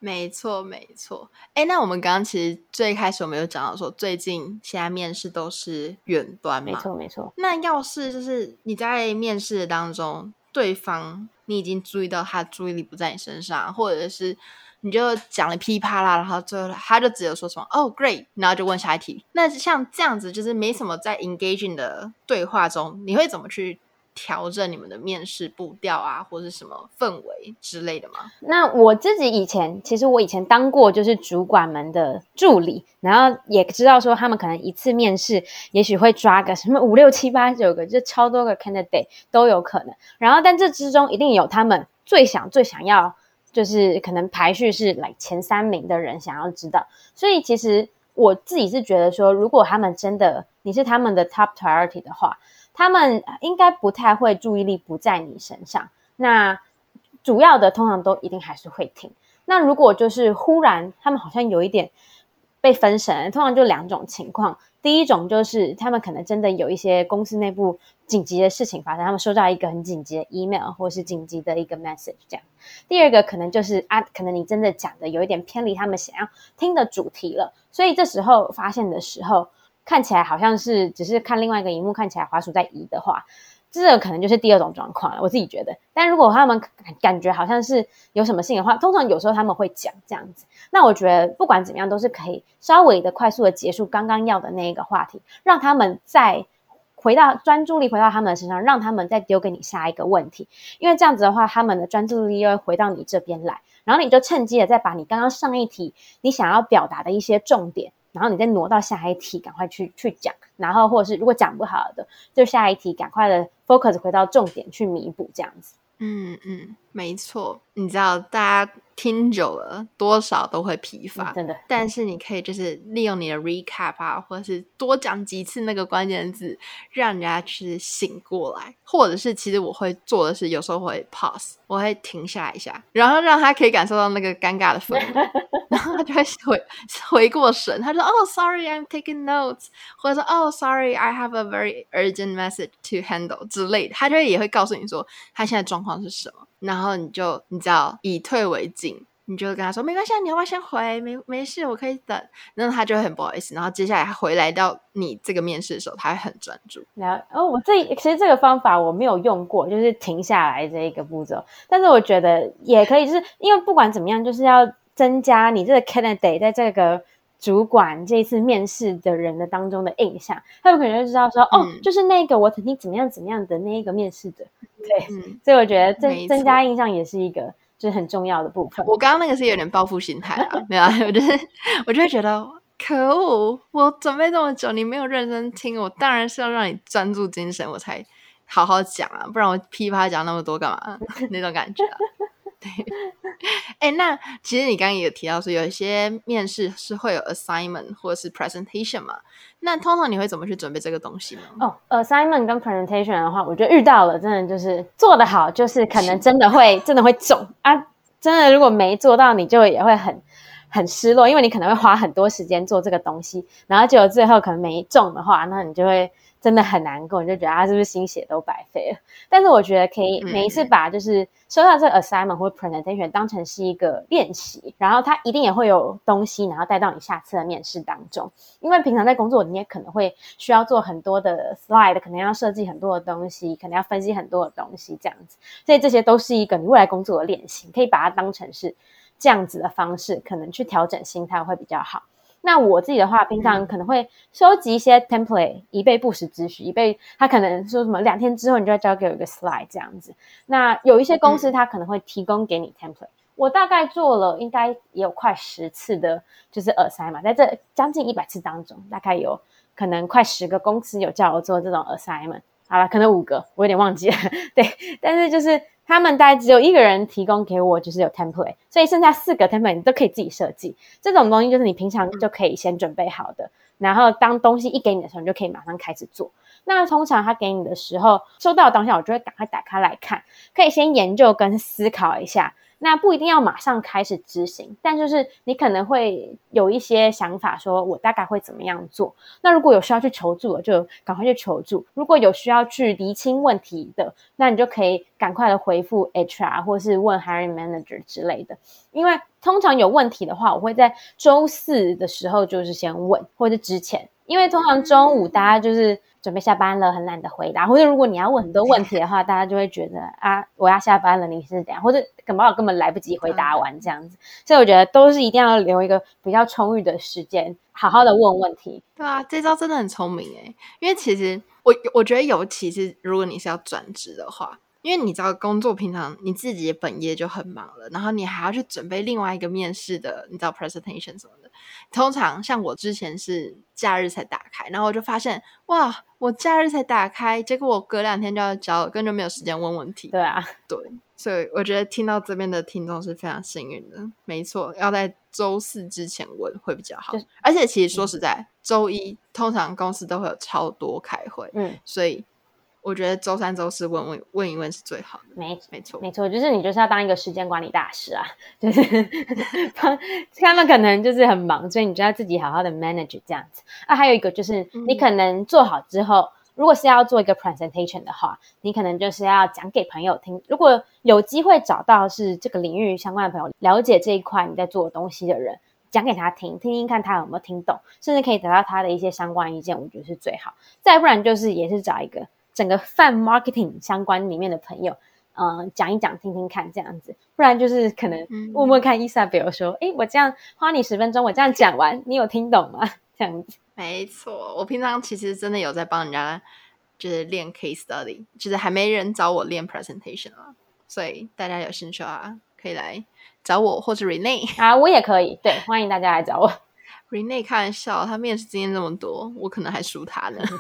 沒錯，沒錯。哎，那我們剛剛其實最開始我們有講到說，最近現在面試都是遠端，沒錯，沒錯。那要是就是你在面試的當中，對方你已經注意到他的注意力不在你身上，或者是。你就講了噼里啪啦，然後最後他就只有說什麼“哦，great”，然後就問下一題。那像這樣子，就是沒什麼在 engaging 的對話中，你會怎麼去調整你們的面試步調啊，或者什麼氛圍之類的嗎？那我自己以前，其實我以前當過就是主管們的助理，然後也知道說他們可能一次面試也許會抓個什麼五六七八九個，就超多個 candidate 都有可能。然後，但這之中一定有他們最想最想要，就是可能排序是來前三名的人想要知道，所以其實我自己是覺得說，如果他們真的你是他們的 top priority 的話，他們應該不太會注意力不在你身上。那主要的通常都一定還是會聽。那如果就是忽然他們好像有一點被分神，通常就兩種情況。第一種就是他們可能真的有一些公司內部緊急的事情發生，他們收到一個很緊急的 email 或是緊急的一個 message 這樣。第二個可能就是啊，可能你真的講得有一點偏離他們想要聽的主題了，所以這時候發現的時候，看起來好像是只是看另外一個熒幕，看起來滑鼠在移的話。這可能就是第二種狀況，我自己覺得。但如果他們感覺好像是有什麼事情的話，通常有時候他們會講這樣子。那我覺得不管怎麼樣，都是可以稍微的快速的結束剛剛要的那一個話題，讓他們再回到專注力回到他們的身上，讓他們再丟給你下一個問題，因為這樣子的話，他們的專注力又會回到你這邊來，然後你就趁機的再把你剛剛上一題你想要表達的一些重點，然後你再挪到下一題，趕快去去講。然後或者是如果講不好的，就下一題趕快的 focus 回到重點去彌補這樣子。嗯嗯，沒錯。你知道，大家聽久了多少都會疲乏，嗯，真的。但是你可以就是利用你的 recap 啊，或者是多講幾次那個關鍵字，讓人家去醒過來。或者是其實我會做的是，有時候會 pause，我會停下來一下，然後讓他可以感受到那個尷尬的氛圍， 然後他就會回回過神，他就說：“哦、oh, sorry，I'm taking notes。”或者說：“哦、oh, sorry，I have a very urgent message to handle。”之類的，他就會也會告訴你說他現在狀況是什麼。然後你就你知道以退為進，你就跟他說沒關係，你要不要先回？沒沒事，我可以等。然後他就很不好意思。然後接下來他回來到你這個面試的時候，他會很專注。然後、哦、我這其實這個方法我沒有用過，就是停下來這一個步驟。但是我覺得也可以，就是因為不管怎麼樣，就是要增加你這個 candidate 在這個。主管這次面試的人的當中的印象，他有可能就知道說，嗯、哦，就是那個我曾經怎麼樣怎麼樣的那一個面試者、嗯，對、嗯，所以我覺得增增加印象也是一個就是很重要的部分。我剛剛那個是有點報復心態啊， 沒有、啊，我就是我就會覺得可惡，我準備這麼久，你沒有認真聽，我當然是要讓你專注精神，我才好好講啊，不然我噼啪講那麼多幹嘛？ 那種感覺、啊。對，哎、欸，那其實你剛剛也有提到說，有一些面試是會有 assignment 或者是 presentation 嘛，那通常你會怎麼去準備這個東西呢？哦、oh，assignment 跟 presentation 的話，我覺得遇到了真的就是做得好，就是可能真的會真的會中 啊，真的如果沒做到，你就也會很很失落，因為你可能會花很多時間做這個東西，然後結果最後可能沒中的話，那你就會，真的很難過，你就覺得他是不是心血都白費了。但是我覺得可以每一次把就是收到這個 assignment 或者 presentation 當成是一個練習，然後它一定也會有東西，然後帶到你下次的面試當中。因為平常在工作你也可能會需要做很多的 slide，可能要設計很多的東西，可能要分析很多的東西，這樣子。所以這些都是一個你未來工作的練習，可以把它當成是這樣子的方式，可能去調整心態會比較好。那我自己的話，平常可能會收集一些 template，以、嗯、備不時之需。以備他可能說什麼，兩天之後你就要交給我一個 slide 這樣子。那有一些公司，他可能會提供給你 template。嗯、我大概做了，應該也有快十次的，就是 assignment 嘛。在這將近一百次當中，大概有可能快十個公司有叫我做這種 assignment 嘛。好啦，可能五個，我有點忘記了。對，但是就是他們大概只有一個人提供給我，就是有 template，所以剩下四個 template 你都可以自己設計。這種東西就是你平常就可以先準備好的，然後當東西一給你的時候，你就可以馬上開始做。那通常他給你的時候，收到的東西我就會趕快打開來看，可以先研究跟思考一下。那不一定要馬上開始執行，但就是你可能會有一些想法，說我大概會怎麼樣做。那如果有需要去求助的，就趕快去求助；如果有需要去釐清問題的，那你就可以趕快的回復 HR 或是問 Hiring Manager 之類的。因為通常有問題的話，我會在周四的時候就是先問，或者之前，因為通常周五大家就是。準備下班了，很懶得回答，或者如果你要問很多問題的話，大家就會覺得啊，我要下班了，你是怎樣？或者可能根本來不及回答完這樣子。嗯，所以我覺得都是一定要留一個比較充裕的時間，好好的問問題。對啊，這招真的很聰明欸，因為其實我我覺得，尤其是如果你是要轉職的話。因為你知道工作平常你自己本業就很忙了，然後你還要去準備另外一個面試的，你知道 presentation 什麼的。通常像我之前是假日才打開，然後我就發現哇，我假日才打開，結果我隔兩天就要交，根本就沒有時間問問題。對啊，對，所以我覺得聽到這邊的聽眾是非常幸運的。沒錯，要在周四之前問會比較好，而且其實說實在，嗯、周一通常公司都會有超多開會，嗯，所以。我覺得周三周四問問問一問是最好的，沒沒錯沒錯，就是你就是要當一個時間管理大師啊，就是他 他們可能就是很忙，所以你就要自己好好的 manage 這樣子。啊，還有一個就是你可能做好之後，嗯，如果是要做一個 presentation 的話，你可能就是要講給朋友聽。如果有機會找到是這個領域相關的朋友，了解這一塊你在做的東西的人，講給他聽，聽聽看他有沒有聽懂，甚至可以得到他的一些相關意見，我覺得是最好。再不然就是也是找一個。整個泛 marketing 相關裡面的朋友，嗯、呃，講一講聽聽看，這樣子，不然就是可能問問看 Isabelle，比如說，哎、嗯，我這樣花你十分鐘，我這樣講完， 你有聽懂嗎？這樣子，沒錯，我平常其實真的有在幫人家就是練 case study，就是還沒人找我練 presentation 啊，所以大家有興趣啊，可以來找我或者 Renee 啊，我也可以，對，歡迎大家來找我。 Renee 開玩笑，他面試經驗那麼多，我可能還輸他呢。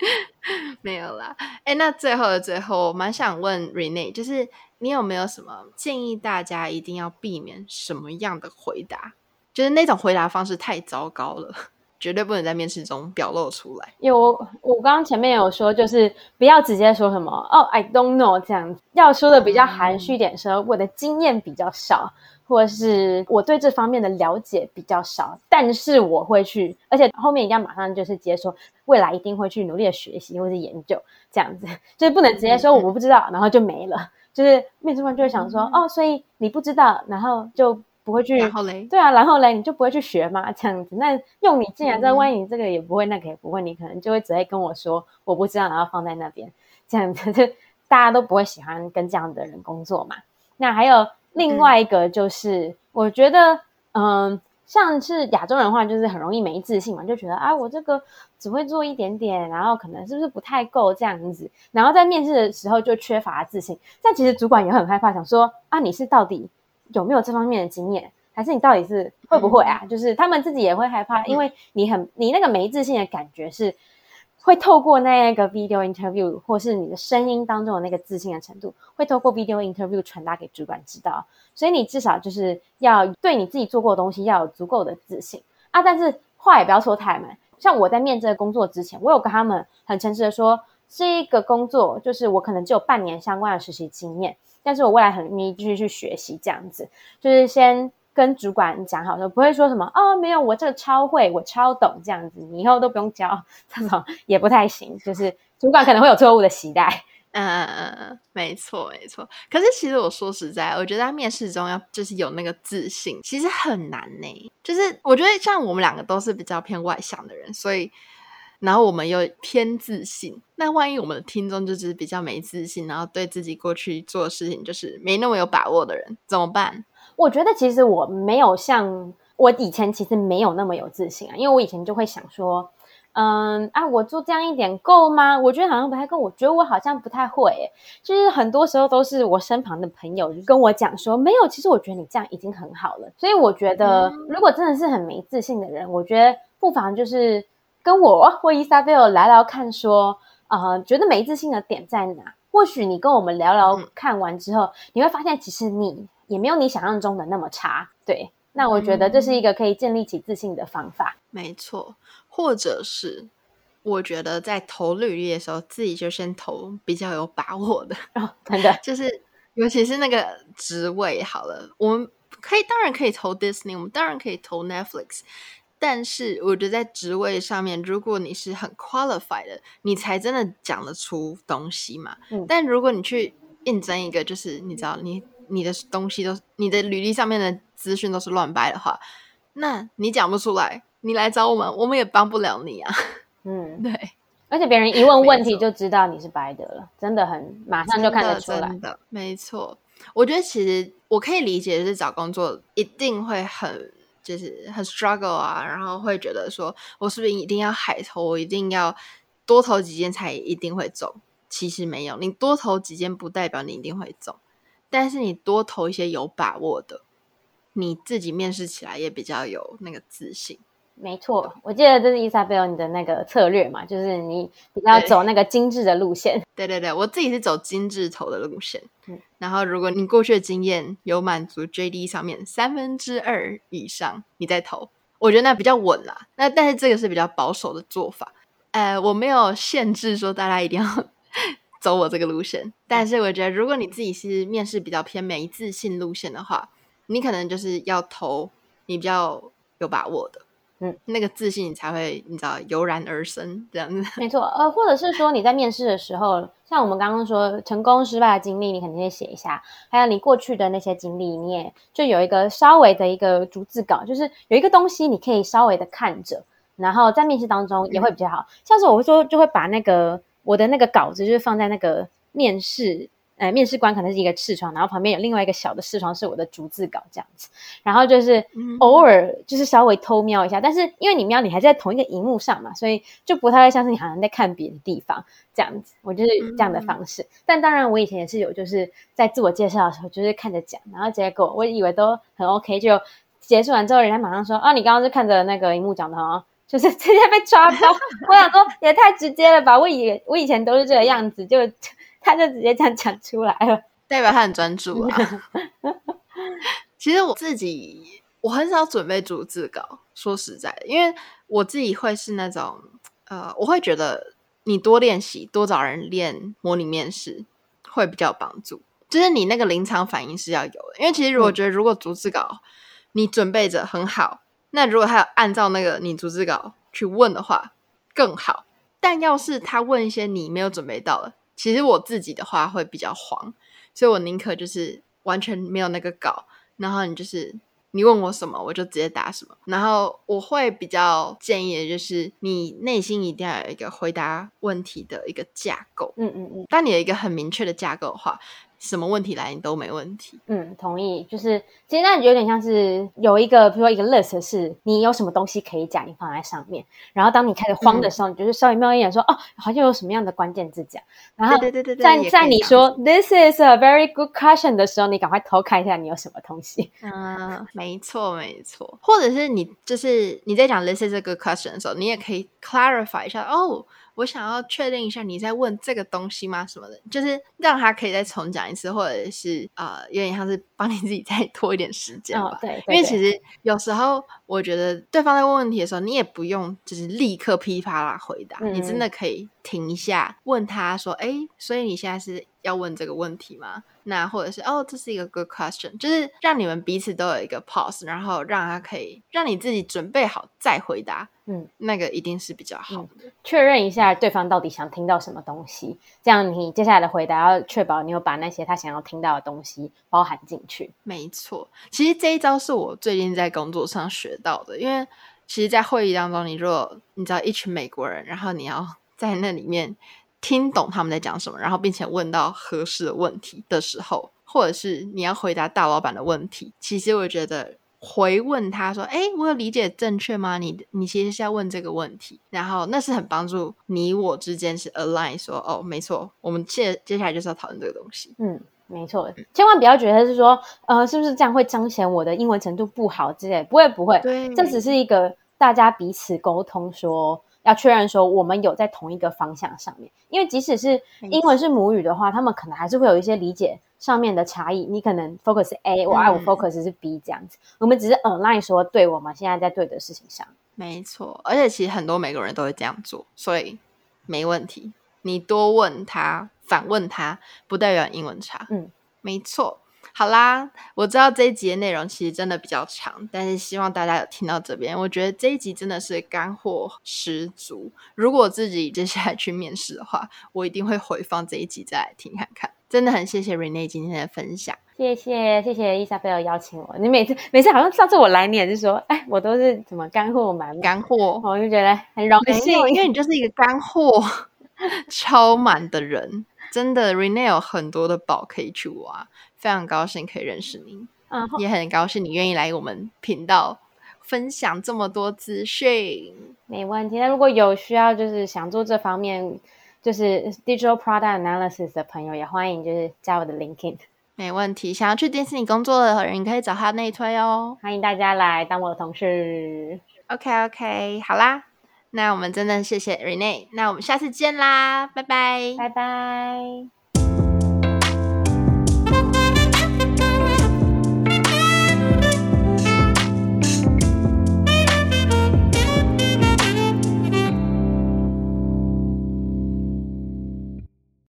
沒有啦，哎、欸，那最後的最後，我蠻想問 Renee，就是你有沒有什麼建議？大家一定要避免什麼樣的回答？就是那種回答方式太糟糕了，絕對不能在面試中表露出來。有，我剛剛前面有說，就是不要直接說什麼“哦、oh，I don't know” 這樣，要說的比較含蓄一點說，說、嗯、我的經驗比較少。或是我對這方面的了解比較少，但是我會去，而且後面一定要馬上就是直接說未來一定會去努力的學習或是研究這樣子，就是不能直接說我不知道、嗯，然後就沒了，就是面試官就會想說、嗯、哦，所以你不知道，然後就不會去，對啊，然後呢你就不會去學嘛這樣子，那用你進來、嗯、這，萬一你這個也不會，那個也不會，你可能就會直接跟我說我不知道，然後放在那邊這樣子，就大家都不會喜歡跟這樣的人工作嘛，那還有。另外一個就是，嗯、我覺得，嗯、呃，像是亞洲人的話，就是很容易沒自信嘛，就覺得啊，我這個只會做一點點，然後可能是不是不太夠這樣子，然後在面試的時候就缺乏自信。但其實主管也很害怕，想說啊，你是到底有沒有這方面的經驗，還是你到底是會不會啊？嗯、就是他們自己也會害怕，因為你很你那個沒自信的感覺是。會透過那個 video interview 或是你的聲音當中的那個自信的程度，會透過 video interview 傳達給主管知道。所以你至少就是要對你自己做過的東西要有足夠的自信啊！但是話也不要說太滿。像我在面這個工作之前，我有跟他們很誠實的說，這一個工作就是我可能只有半年相關的實習經驗，但是我未來很願意繼續去學習這樣子，就是先。跟主管講好說，就不會說什麼哦，沒有，我這個超會，我超懂這樣子，你以後都不用教，這種也不太行。就是主管可能會有錯誤的期待。嗯嗯嗯沒錯沒錯。可是其實我說實在，我覺得在面試中要就是有那個自信，其實很難呢、欸。就是我覺得像我們兩個都是比較偏外向的人，所以然後我們又偏自信，那萬一我們的聽眾就，就是比較沒自信，然後對自己過去做事情就是沒那麼有把握的人，怎麼辦？我覺得其實我沒有像我以前其實沒有那麼有自信啊，因為我以前就會想說，嗯啊，我做這樣一點夠嗎？我覺得好像不太夠，我覺得我好像不太會、欸。其實就是很多時候都是我身旁的朋友就跟我講說，沒有，其實我覺得你這樣已經很好了。所以我覺得，如果真的是很沒自信的人，我覺得不妨就是跟我或伊莎貝爾聊聊看說，說、呃、啊，覺得沒自信的點在哪？或許你跟我們聊聊看完之後，嗯、你會發現其實你。也沒有你想象中的那麼差，對。那我覺得這是一個可以建立起自信的方法。嗯，沒錯，或者是我覺得在投履歷的時候，自己就先投比較有把握的。哦，真的，就是尤其是那個職位好了，我們可以當然可以投 Disney，我們當然可以投 Netflix，但是我覺得在職位上面，如果你是很 qualified 的，你才真的講得出東西嘛。嗯，但如果你去應徵一個，就是你知道你。你的東西都，是，你的履歷上面的資訊都是亂掰的話，那你講不出來，你來找我們，我們也幫不了你啊。嗯，對，而且別人一問問題就知道你是掰的了，真的很，馬上就看得出來。的,的，沒錯。我覺得其實我可以理解，是找工作一定會很，就是很 struggle 啊，然後會覺得說，我是不是一定要海投，我一定要多投幾件才一定會中？其實沒有，你多投幾件不代表你一定會中。但是你多投一些有把握的，你自己面試起來也比較有那個自信。沒錯，嗯，我記得這是伊莎貝爾你的那個策略嘛，就是你要走那個精緻的路線。對對對，我自己是走精緻投的路線。嗯，然後如果你過去的經驗有滿足 JD 上面三分之二以上，你再投，我覺得那比較穩啦。那但是這個是比較保守的做法。呃，我沒有限制說大家一定要。 走我這個路線，但是我覺得，如果你自己是面試比較偏沒自信路線的話，你可能就是要投你比較有把握的，嗯，那個自信你才會你知道油然而生這樣子。沒錯，呃，或者是說你在面試的時候， 像我們剛剛說成功失敗的經歷，你肯定會寫一下，還有你過去的那些經歷，你也就有一個稍微的一個逐字稿，就是有一個東西你可以稍微的看着，然後在面試當中也會比較好、嗯、像，是我會說就會把那個。我的那個稿子就是放在那個面試，呃，面試官可能是一個視窗，然後旁邊有另外一個小的視窗是我的逐字稿這樣子。然後就是偶爾就是稍微偷瞄一下，但是因為你瞄你還是在同一個螢幕上嘛，所以就不太會像是你好像在看別的地方這樣子。我就是這樣的方式嗯嗯。但當然我以前也是有，就是在自我介紹的時候就是看着講，然後結果我以為都很 OK，就結束完之後人家馬上說啊，你剛剛是看着那個螢幕講的哦。就是直接被抓包， 我想說也太直接了吧！我以我以前都是這個樣子，就他就直接這樣講出來了，代表他很專注啊。 其實我自己我很少準備逐字稿，說實在的，因為我自己會是那種呃，我會覺得你多練習，多找人練模擬面試會比較有幫助。就是你那個臨場反應是要有的，因為其實我覺得如果逐字稿、嗯、你準備着很好。那如果他有按照那個你逐字稿去問的話更好，但要是他問一些你沒有準備到的，其實我自己的話會比較慌，所以我寧可就是完全沒有那個稿，然後你就是你問我什麼我就直接答什麼。然後我會比較建議的就是你內心一定要有一個回答問題的一個架構，嗯嗯嗯，當你有一個很明確的架構的話。什麼問題來你都沒問題，嗯，同意。就是其實那你有點像是有一個，比如說一個 list，是你有什麼東西可以講，你放在上面。然後當你開始慌的時候，嗯、你就是稍微瞄一眼，說、嗯、哦，好像有什麼樣的關鍵字講。然後對對對對對，在在你說 this is a very good question 的時候，你趕快偷看一下你有什麼東西。嗯， 沒錯沒錯。或者是你就是你在講 this is a good question 的時候，你也可以 clarify 一下，哦。我想要確認一下，你在問這個東西嗎？什麼的，就是讓他可以再重講一次，或者是呃，有點像是幫你自己再拖一點時間吧、哦對對對。因為其實有時候我覺得對方在問問題的時候，你也不用就是立刻噼啪啪啦回答、嗯，你真的可以停一下，問他說：“哎、欸，所以你現在是要問這個問題嗎？”那或者是哦，這是一個 good question，就是讓你們彼此都有一個 pause，然後讓他可以讓你自己準備好再回答。嗯，那個一定是比較好的。嗯，確認一下對方到底想聽到什麼東西，這樣你接下來的回答要確保你有把那些他想要聽到的東西包含進去。沒錯，其實這一招是我最近在工作上學到的，因為其實，在會議當中，你如果你知道一群美國人，然後你要在那裡面。聽懂他們在講什麼，然後並且問到合適的問題的時候，或者是你要回答大老闆的問題，其實我覺得回問他說：“哎，我有理解正確嗎？”你你其實是要問這個問題，然後那是很幫助你我之間是 align，說哦，沒錯，我們接接下來就是要討論這個東西。嗯，沒錯，千萬不要覺得是說呃，是不是這樣會彰顯我的英文程度不好之類？不會不會，這只是一個大家彼此溝通說。要確認說我們有在同一個方向上面，因為即使是英文是母語的話，他們可能還是會有一些理解上面的差異。你可能 focus 是 A，我愛我 focus 是 B 這樣子，嗯、我們只是 align 說，對我們現在在對的事情上，沒錯。而且其實很多美國人都會這樣做，所以沒問題。你多問他，反問他，不代表英文差。嗯，沒錯。好啦，我知道這一集的內容其實真的比較長，但是希望大家有聽到這邊，我覺得這一集真的是乾貨十足。如果自己接下來去面試的話，我一定會回放這一集再來聽看看。真的很謝謝 Renee 今天的分享，謝謝，謝謝伊莎貝爾邀請我。你每次每次，好像上次我來，你也是說，哎，我都是什麼乾貨滿滿，乾貨，我就覺得很榮幸，沒，因為你就是一個乾貨超滿的人， 真的 Renee 有很多的寶可以去挖。非常高興可以認識你，嗯，也很高興你願意來我們頻道分享這麼多資訊。沒問題，那如果有需要，就是想做這方面就是 digital product analysis 的朋友，也歡迎就是加我的 LinkedIn。沒問題，想要去迪士尼工作的人，你可以找他內推哦。歡迎大家來當我的同事。OK OK，好啦，那我們真的謝謝 Renee，那我們下次見啦，拜拜，拜拜。